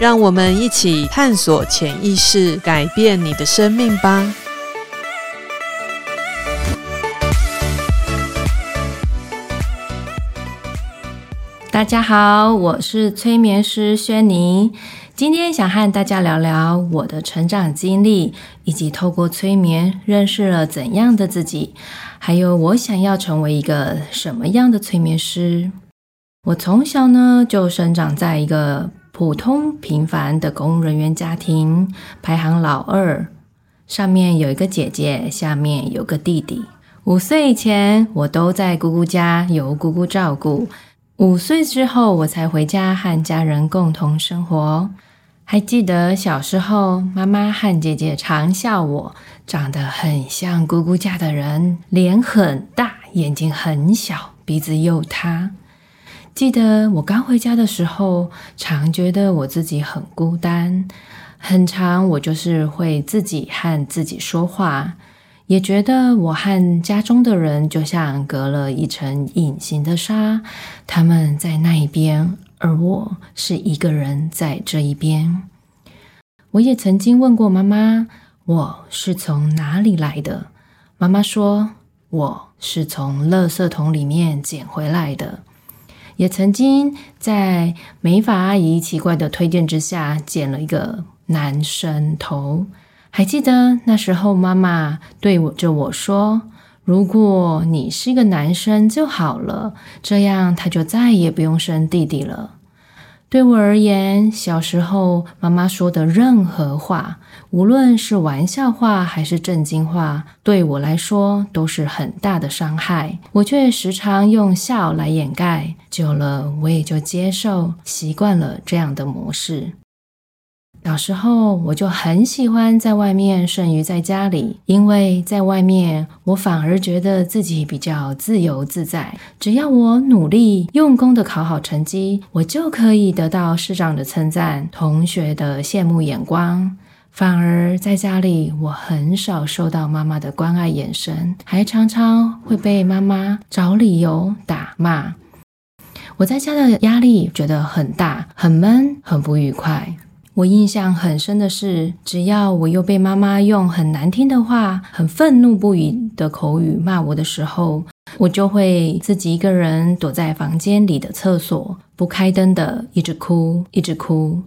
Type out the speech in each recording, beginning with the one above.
讓我們一起探索潛意識，改變你的生命吧！大家好，我是催眠師媗霓。今天想和大家聊聊我的成長經歷，以及透過催眠認識了怎樣的自己，還有我想要成為一個什麼樣的催眠師。我從小呢就生長在一個普通平凡的公務人員家庭，排行老二，上面有一個姐姐，下面有一個弟弟。五歲以前，我都在姑姑家由姑姑照顧。五歲之後，我才回家和家人共同生活。還記得小時候，媽媽和姐姐常笑我長得很像姑姑家的人，臉很大，眼睛很小，鼻子又塌。記得我剛回家的時候，常覺得我自己很孤單。很常，我就是會自己和自己說話，也覺得我和家中的人就像隔了一層隱形的紗，他們在那一邊，而我是一個人在這一邊。我也曾經問過媽媽，我是從哪裡來的？媽媽說，我是從垃圾桶裡面撿回來的。也曾經在美髮阿姨奇怪的推薦之下，剪了一個男生頭，還記得那時候媽媽對着我說：“如果你是一個男生就好了，這樣他就再也不用生弟弟了。”對我而言，小時候媽媽說的任何話，無論是玩笑話還是正經話，對我來說都是很大的傷害。我卻時常用笑來掩蓋，久了我也就接受，習慣了這樣的模式。小時候我就很喜歡在外面，勝於在家裡。因為在外面，我反而覺得自己比較自由自在。只要我努力、用功的考好成績，我就可以得到師長的稱讚、同學的羨慕眼光。反而在家裡，我很少受到媽媽的關愛眼神，還常常會被媽媽找理由打罵。我在家的壓力覺得很大，很悶，很不愉快。我印象很深的是，只要我又被媽媽用很難聽的話、很憤怒不已的口語罵我的時候，我就會自己一個人躲在房間裡的廁所，不開燈的，一直哭，一直哭，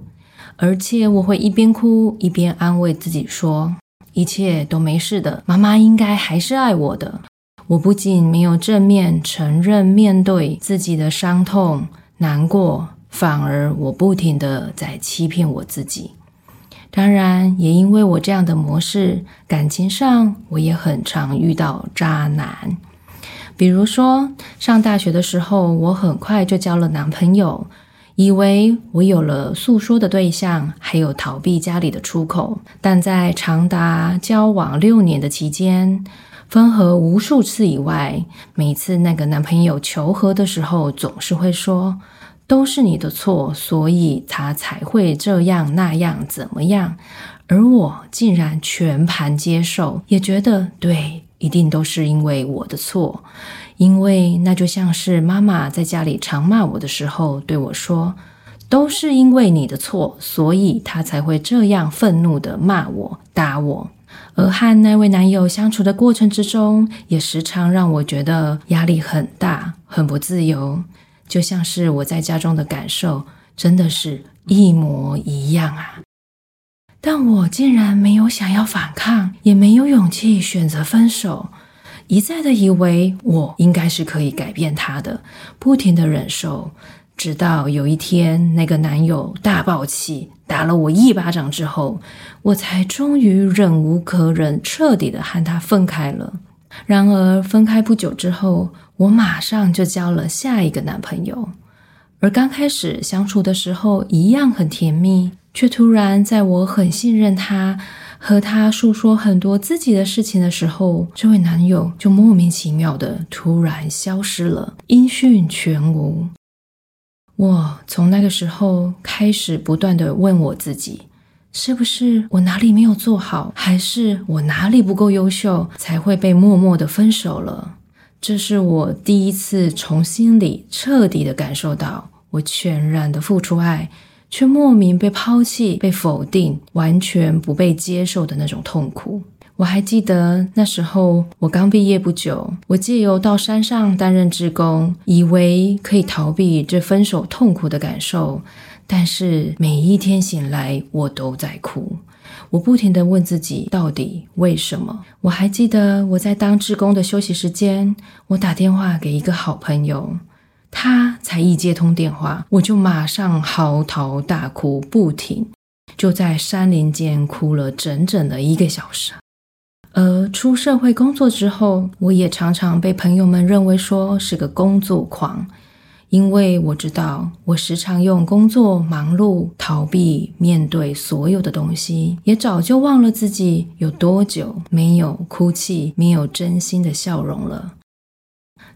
而且我會一邊哭一邊安慰自己說：“一切都沒事的，媽媽應該還是愛我的。”我不僅沒有正面承認面對自己的傷痛、難過。反而我不停地在欺騙我自己，當然也因為我這樣的模式，感情上我也很常遇到渣男。比如說上大學的時候，我很快就交了男朋友，以為我有了訴說的對象，還有逃避家裡的出口。但在長達交往六年的期間，分合無數次以外，每次那個男朋友求和的時候，總是會說。都是你的錯，所以他才會這樣那樣怎麼樣，而我竟然全盤接受，也覺得對，一定都是因為我的錯，因為那就像是媽媽在家裡常罵我的時候對我說，都是因為你的錯，所以他才會這樣憤怒地罵我打我，而和那位男友相處的過程之中，也時常讓我覺得壓力很大，很不自由。就像是我在家中的感受，真的是一模一樣啊！但我竟然沒有想要反抗，也沒有勇氣選擇分手，一再的以為我應該是可以改變他的，不停的忍受，直到有一天那個男友大爆氣，打了我一巴掌之後，我才終於忍無可忍，徹底的和他分開了。然而，分開不久之後，我馬上就交了下一個男朋友。而剛開始相處的時候，一樣很甜蜜，卻突然在我很信任他，和他訴說很多自己的事情的時候，這位男友就莫名其妙的突然消失了，音訊全無。我從那個時候開始，不斷的問我自己。是不是我哪裡沒有做好，還是我哪裡不夠優秀，才會被默默的分手了？這是我第一次從心裡徹底的感受到，我全然的付出愛，卻莫名被拋棄、被否定、完全不被接受的那種痛苦。我還記得那時候，我剛畢業不久，我借由到山上擔任志工，以為可以逃避這分手痛苦的感受。但是每一天醒來，我都在哭。我不停地問自己，到底為什麼？我還記得我在當志工的休息時間，我打電話給一個好朋友，他才一接通電話，我就馬上嚎啕大哭不停，就在山林間哭了整整的一個小時。而出社會工作之後，我也常常被朋友們認為說是個工作狂。因為我知道，我時常用工作忙碌逃避面對所有的東西，也早就忘了自己有多久沒有哭泣，沒有真心的笑容了。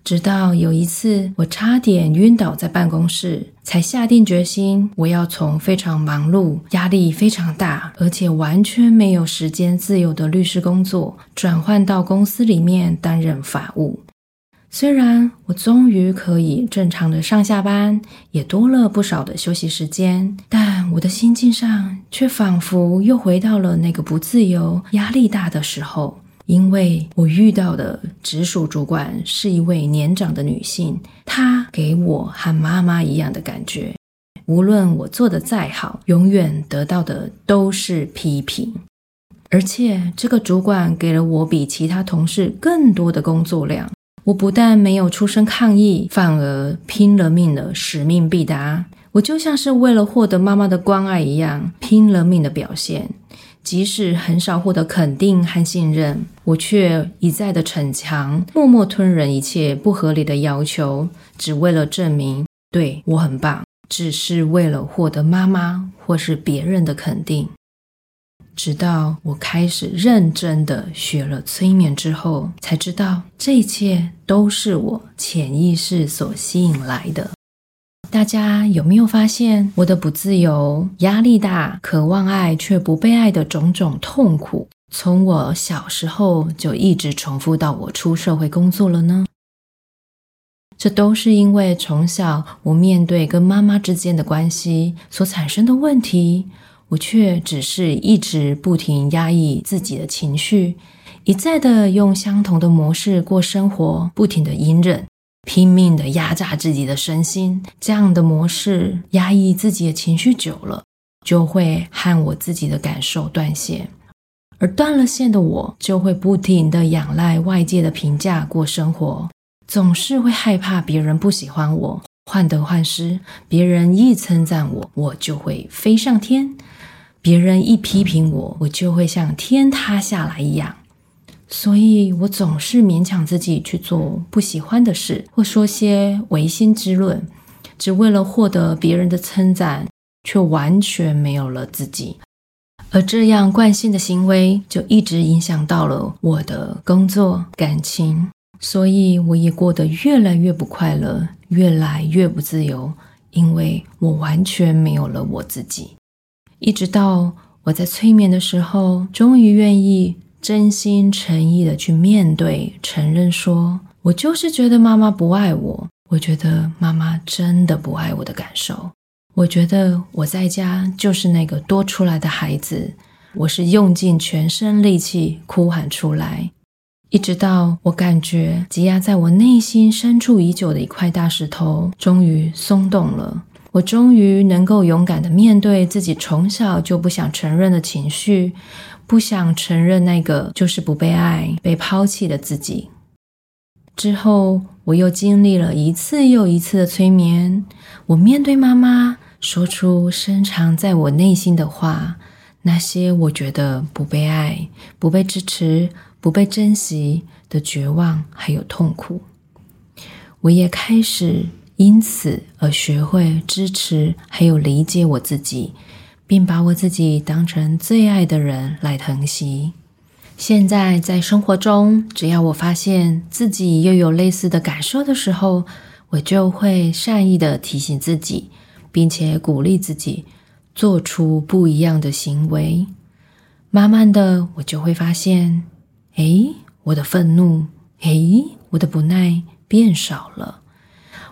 直到有一次，我差點暈倒在辦公室，才下定決心，我要從非常忙碌、壓力非常大，而且完全沒有時間自由的律師工作，轉換到公司裡面擔任法務。雖然我終於可以正常的上下班，也多了不少的休息時間，但我的心境上卻仿佛又回到了那個不自由、壓力大的時候。因為我遇到的直屬主管是一位年長的女性，她給我和媽媽一樣的感覺，無論我做得再好，永遠得到的都是批評。而且這個主管給了我比其他同事更多的工作量。我不但沒有出聲抗議，反而拼了命的使命必達。我就像是為了獲得媽媽的關愛一樣，拼了命的表現。即使很少獲得肯定和信任，我卻一再的逞強，默默吞忍一切不合理的要求，只為了證明，對，我很棒。只是為了獲得媽媽或是別人的肯定。直到我開始認真的學了催眠之後，才知道這一切都是我潛意識所吸引來的。大家有沒有發現，我的不自由、壓力大、渴望愛卻不被愛的種種痛苦，從我小時候就一直重複到我出社會工作了呢？這都是因為從小我面對跟媽媽之間的關係所產生的問題。我卻只是一直不停壓抑自己的情緒，一再的用相同的模式過生活，不停的隱忍，拼命的壓榨自己的身心。這樣的模式壓抑自己的情緒久了，就會和我自己的感受斷線，而斷了線的我就會不停的仰賴外界的評價過生活，總是會害怕別人不喜歡我，患得患失。別人一稱讚我，我就會飛上天。別人一批評我，我就會像天塌下來一樣，所以我總是勉強自己去做不喜歡的事，或說些違心之論，只為了獲得別人的稱讚，卻完全沒有了自己。而這樣慣性的行為，就一直影響到了我的工作、感情，所以我也過得越來越不快樂，越來越不自由，因為我完全沒有了我自己。一直到我在催眠的時候，終於願意真心誠意的去面對、承認說，說我就是覺得媽媽不愛我，我覺得媽媽真的不愛我的感受，我覺得我在家就是那個多出來的孩子，我是用盡全身力氣哭喊出來，一直到我感覺積壓在我內心深處已久的一塊大石頭終於鬆動了。我終於能夠勇敢的面對自己從小就不想承認的情緒，不想承認那個就是不被愛、被拋棄的自己。之後，我又經歷了一次又一次的催眠，我面對媽媽說出深藏在我內心的話，那些我覺得不被愛、不被支持、不被珍惜的絕望還有痛苦，我也開始。因此而學會支持，還有理解我自己，並把我自己當成最愛的人來疼惜。現在在生活中，只要我發現自己又有類似的感受的時候，我就會善意的提醒自己，並且鼓勵自己做出不一樣的行為。慢慢的，我就會發現，誒，我的憤怒，誒，我的不耐變少了。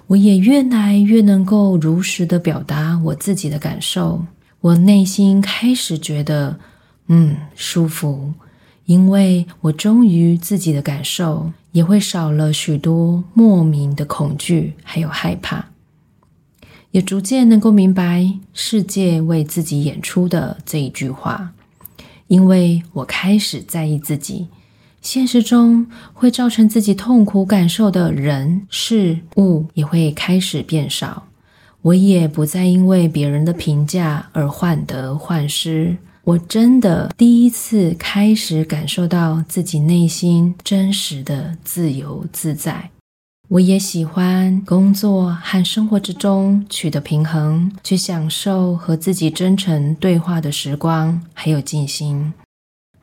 我也越來越能夠如實的表達我自己的感受，我內心開始覺得，嗯，舒服，因為我忠於自己的感受，也會少了許多莫名的恐懼還有害怕，也逐漸能夠明白世界為自己演出的這一句話，因為我開始在意自己。現實中會造成自己痛苦感受的人事物也會開始變少，我也不再因為別人的評價而患得患失。我真的第一次開始感受到自己內心真實的自由自在。我也喜歡工作和生活之中取得平衡，去享受和自己真誠對話的時光，還有靜心。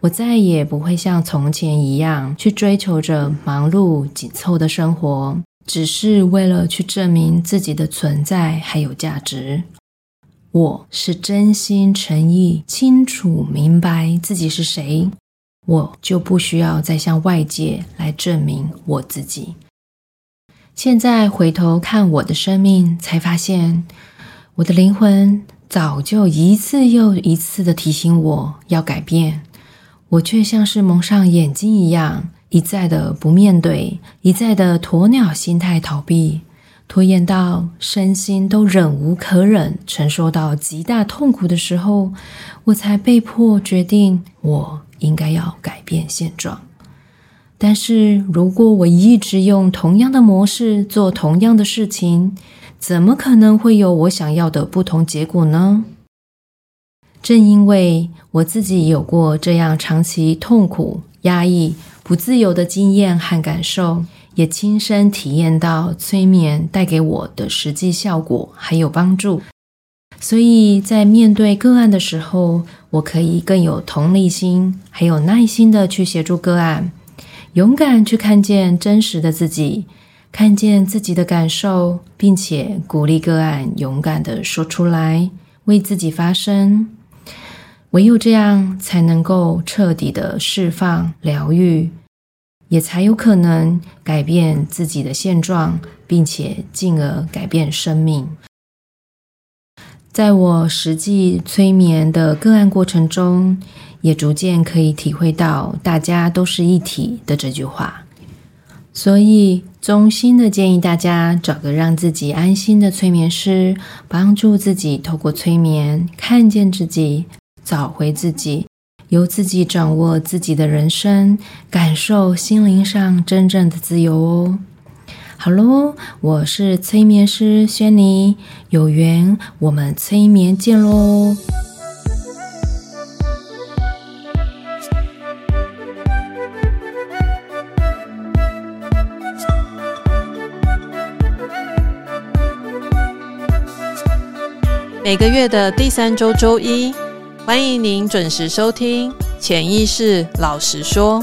我再也不會像從前一樣去追求着忙碌緊湊的生活，只是為了去證明自己的存在還有價值。我是真心誠意、清楚明白自己是誰，我就不需要再向外界來證明我自己。現在回頭看我的生命，才發現我的靈魂早就一次又一次地提醒我要改變。我卻像是蒙上眼睛一樣，一再的不面對，一再的鴕鳥心態逃避，拖延到身心都忍無可忍，承受到極大痛苦的時候，我才被迫決定，我應該要改變現狀。但是如果我一直用同樣的模式做同樣的事情，怎麼可能會有我想要的不同結果呢？正因為我自己有過這樣長期痛苦、壓抑、不自由的經驗和感受，也親身體驗到催眠帶給我的實際效果還有幫助，所以在面對個案的時候，我可以更有同理心，還有耐心的去協助個案，勇敢去看見真實的自己，看見自己的感受，並且鼓勵個案勇敢的說出來，為自己發聲。唯有這樣，才能夠徹底的釋放療癒，也才有可能改變自己的現狀，並且進而改變生命。在我實際催眠的個案過程中，也逐漸可以體會到“大家都是一體”的這句話。所以，衷心的建議大家找個讓自己安心的催眠師，幫助自己透過催眠看見自己。找回自己，由自己掌握自己的人生，感受心靈上真正的自由哦。好嘍，我是催眠師媗霓，有緣我們催眠見嘍。每個月的第三周周一，歡迎您準時收聽《潛意識老實說》。